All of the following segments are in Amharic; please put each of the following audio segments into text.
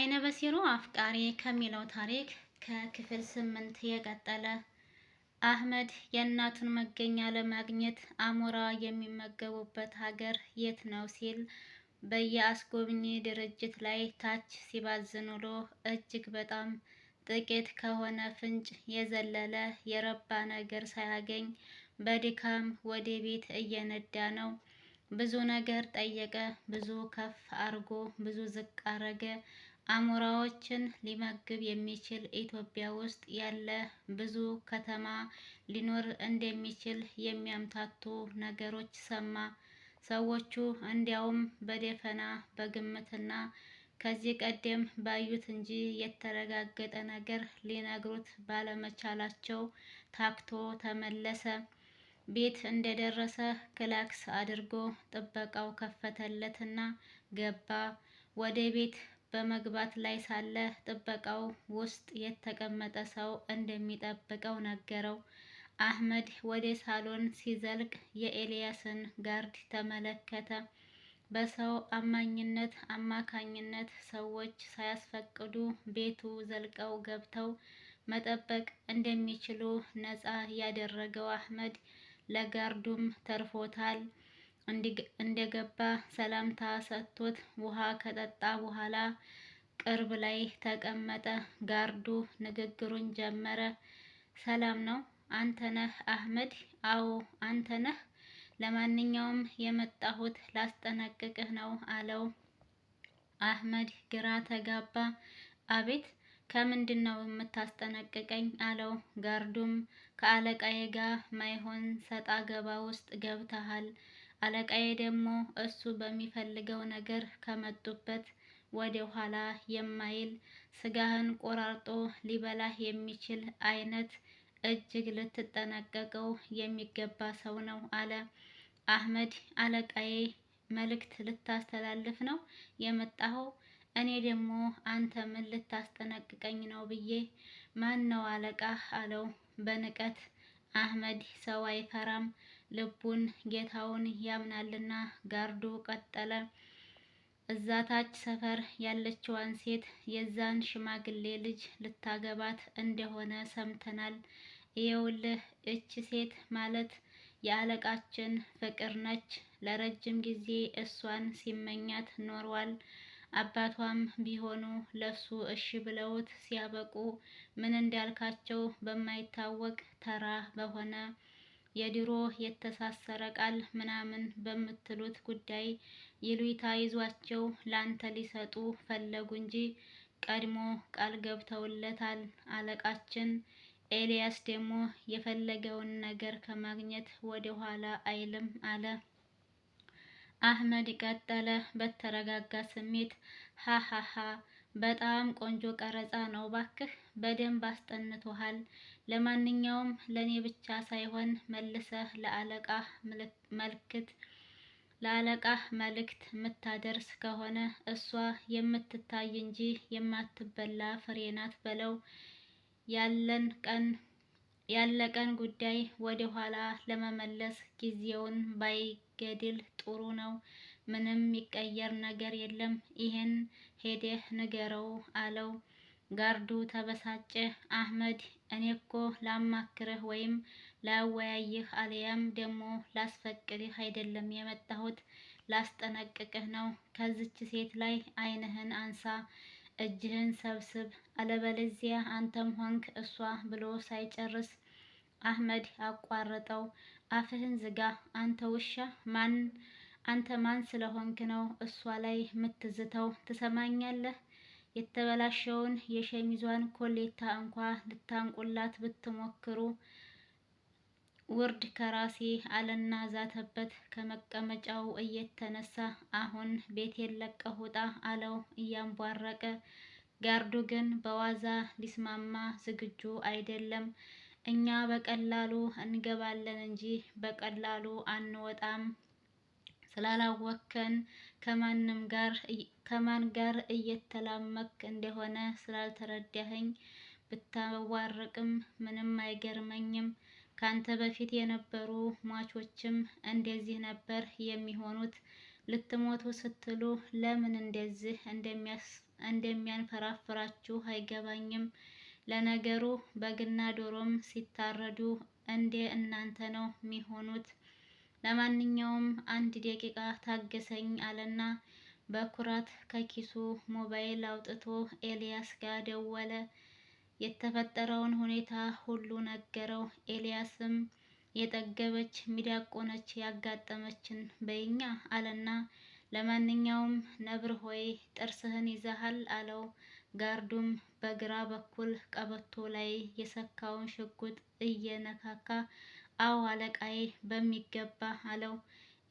አይነ በሲሮ አፍቃሪ ከሚለው ታሪክ ከክፍል ስምንት የቀጠለ። አህመድ የእናቱን መገኛ ለማግኘት አሞራ የሚመገቡበት ሀገር የት ነው ሲል በየአስጎብኚ ድርጅት ላይ ታች ሲባዝን ውሎ እጅግ በጣም ጥቂት ከሆነ ፍንጭ የዘለለ የረባ ነገር ሳያገኝ በድካም ወደ ቤት እየነዳ ነው። ብዙ ነገር ጠየቀ፣ ብዙ ከፍ አርጎ፣ ብዙ ዝቅ አረገ። አሞራዎችን ሊመግብ የሚችል ኢትዮጵያ ውስጥ ያለ ብዙ ከተማ ሊኖር እንደሚችል የሚያምታቱ ነገሮች ሰማ። ሰዎቹ እንዲያውም በደፈና በግምትና ከዚህ ቀደም ባዩት እንጂ የተረጋገጠ ነገር ሊነግሩት ባለመቻላቸው ታክቶ ተመለሰ። ቤት እንደደረሰ ክላክስ አድርጎ ጥበቃው ከፈተለትና ገባ። ወደ ቤት በመግባት ላይ ሳለ ጥበቃው ውስጥ የተቀመጠ ሰው እንደሚጠብቀው ነገረው። አህመድ ወደ ሳሎን ሲዘልቅ የኤልያስን ጋርድ ተመለከተ። በሰው አማኝነት አማካኝነት ሰዎች ሳያስፈቅዱ ቤቱ ዘልቀው ገብተው መጠበቅ እንደሚችሉ ነፃ ያደረገው አህመድ ለጋርዱም ተርፎታል። እንደገባ ሰላምታ ሰጥቶት ውሃ ከጠጣ በኋላ ቅርብ ላይ ተቀመጠ። ጋርዱ ንግግሩን ጀመረ። ሰላም ነው አንተ ነህ አህመድ? አዎ አንተ ነህ። ለማንኛውም የመጣሁት ላስጠነቅቅህ ነው አለው። አህመድ ግራ ተጋባ። አቤት ከምንድን ነው የምታስጠነቅቀኝ? አለው። ጋርዱም ከአለቃዬ ጋር ማይሆን ሰጣ ገባ ውስጥ ገብተሃል አለቃዬ ደግሞ እሱ በሚፈልገው ነገር ከመጡበት ወደ ኋላ የማይል ስጋህን ቆራርጦ ሊበላህ የሚችል አይነት እጅግ ልትጠነቀቀው የሚገባ ሰው ነው አለ አህመድ። አለቃዬ መልእክት ልታስተላልፍ ነው የመጣኸው? እኔ ደግሞ አንተ ምን ልታስጠነቅቀኝ ነው ብዬ። ማን ነው አለቃህ? አለው በንቀት አህመድ። ሰው አይፈራም ልቡን ጌታውን ያምናልና ጋርዶ ቀጠለ። እዛ ታች ሰፈር ያለችዋን ሴት የዛን ሽማግሌ ልጅ ልታገባት እንደሆነ ሰምተናል። እየውልህ እች ሴት ማለት የአለቃችን ፍቅር ነች። ለረጅም ጊዜ እሷን ሲመኛት ኖሯል። አባቷም ቢሆኑ ለሱ እሺ ብለውት ሲያበቁ ምን እንዳልካቸው በማይታወቅ ተራ በሆነ የድሮ የተሳሰረ ቃል ምናምን በምትሉት ጉዳይ ይሉኝታ ይዟቸው ላንተ ሊሰጡ ፈለጉ እንጂ ቀድሞ ቃል ገብተውለታል። አለቃችን ኤልያስ ደግሞ የፈለገውን ነገር ከማግኘት ወደ ኋላ አይልም አለ። አህመድ ቀጠለ በተረጋጋ ስሜት ሀሀሀ በጣም ቆንጆ ቀረጻ ነው። ባክህ በደንብ አስጠንቶሃል። ለማንኛውም ለኔ ብቻ ሳይሆን መልሰህ ለአለቃህ መልክት ለአለቃህ መልእክት የምታደርስ ከሆነ እሷ የምትታይ እንጂ የማትበላ ፍሬ ናት በለው። ያለን ቀን ያለቀን ጉዳይ ወደ ኋላ ለመመለስ ጊዜውን ባይገድል ጥሩ ነው። ምንም የሚቀየር ነገር የለም። ይህን ሄደህ ንገረው አለው። ጋርዱ ተበሳጨ። አህመድ እኔ እኮ ላማክርህ ወይም ላወያይህ አልያም ደግሞ ላስፈቅድህ አይደለም የመጣሁት ላስጠነቅቅህ ነው። ከዚች ሴት ላይ አይንህን አንሳ፣ እጅህን ሰብስብ፣ አለበለዚያ አንተም ሆንክ እሷ ብሎ ሳይጨርስ አህመድ አቋረጠው። አፍህን ዝጋ አንተ ውሻ! ማን አንተ ማን ስለሆንክ ነው እሷ ላይ ምትዝተው ትሰማኛለህ? የተበላሸውን የሸሚዟን ኮሌታ እንኳ ልታንቁላት ብትሞክሩ ውርድ ከራሴ አለና ዛተበት። ከመቀመጫው እየተነሳ አሁን ቤቴን ለቀህ ውጣ አለው እያንቧረቀ። ጋርዱ ግን በዋዛ ሊስማማ ዝግጁ አይደለም። እኛ በቀላሉ እንገባለን እንጂ በቀላሉ አንወጣም። ስላላወከን ከማንም ጋር ከማን ጋር እየተላመክ እንደሆነ ስላልተረዳኸኝ ብታዋርቅም ምንም አይገርመኝም። ካንተ በፊት የነበሩ ሟቾችም እንደዚህ ነበር የሚሆኑት። ልትሞቱ ስትሉ ለምን እንደዚህ እንደሚያንፈራፍራችሁ አይገባኝም። ለነገሩ በግና ዶሮም ሲታረዱ እንዴ እናንተ ነው የሚሆኑት። ለማንኛውም አንድ ደቂቃ ታገሰኝ አለና በኩራት ከኪሱ ሞባይል አውጥቶ ኤልያስ ጋር ደወለ። የተፈጠረውን ሁኔታ ሁሉ ነገረው። ኤልያስም የጠገበች ሚዳቆነች ያጋጠመችን በይኛ አለና ለማንኛውም ነብር ሆይ ጥርስህን ይዘሃል አለው። ጋርዱም በግራ በኩል ቀበቶ ላይ የሰካውን ሽጉጥ እየነካካ አው አለቃዬ በሚገባ አለው።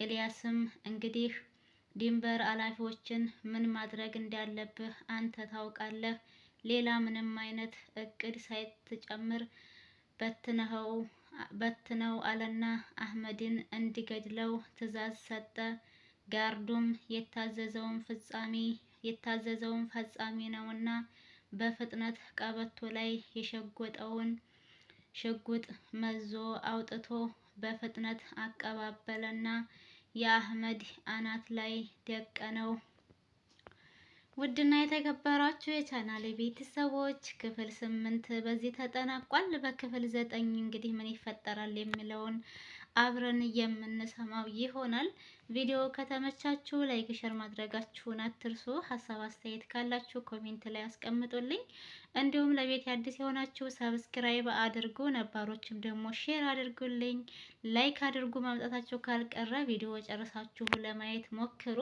ኤልያስም እንግዲህ ድንበር አላፊዎችን ምን ማድረግ እንዳለብህ አንተ ታውቃለህ። ሌላ ምንም አይነት እቅድ ሳይትጨምር በትነው አለና አህመድን እንዲገድለው ትዕዛዝ ሰጠ። ጋርዱም የታዘዘውን ፍጻሜ የታዘዘውን ፈጻሜ ነውና በፍጥነት ቀበቶ ላይ የሸጎጠውን ሽጉጥ መዞ አውጥቶ በፍጥነት አቀባበለና የአህመድ አናት ላይ ደቀነው። ውድና የተከበራችሁ የቻናሌ ቤተሰቦች ክፍል ስምንት በዚህ ተጠናቋል። በክፍል ዘጠኝ እንግዲህ ምን ይፈጠራል የሚለውን አብረን የምንሰማው ይሆናል። ቪዲዮ ከተመቻችሁ ላይክ፣ ሸር ማድረጋችሁን አትርሱ። ሀሳብ አስተያየት ካላችሁ ኮሜንት ላይ አስቀምጡልኝ። እንዲሁም ለቤት አዲስ የሆናችሁ ሰብስክራይብ አድርጉ፣ ነባሮችም ደግሞ ሼር አድርጉልኝ። ላይክ አድርጉ። ማምጣታችሁ ካልቀረ ቪዲዮ ጨርሳችሁ ለማየት ሞክሩ።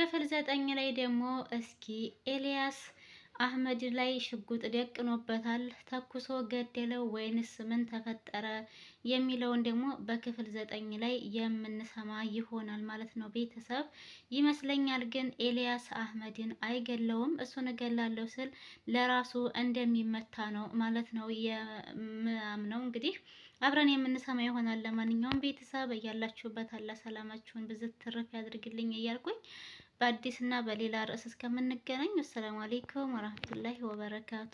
ክፍል ዘጠኝ ላይ ደግሞ እስኪ ኤልያስ አህመድ ላይ ሽጉጥ ደቅኖበታል። ተኩሶ ገደለው ወይንስ ምን ተፈጠረ የሚለውን ደግሞ በክፍል ዘጠኝ ላይ የምንሰማ ይሆናል ማለት ነው። ቤተሰብ ይመስለኛል ግን ኤልያስ አህመድን አይገለውም። እሱን እገላለሁ ስል ለራሱ እንደሚመታ ነው ማለት ነው የምናምነው። እንግዲህ አብረን የምንሰማ ይሆናል። ለማንኛውም ቤተሰብ እያላችሁበት አላ ሰላማችሁን ብዝት ትርፍ ያድርግልኝ እያልኩኝ በአዲስ እና በሌላ ርዕስ እስከምንገናኝ ሰላም አሌይኩም ወረህመቱላሂ ወበረካቱ።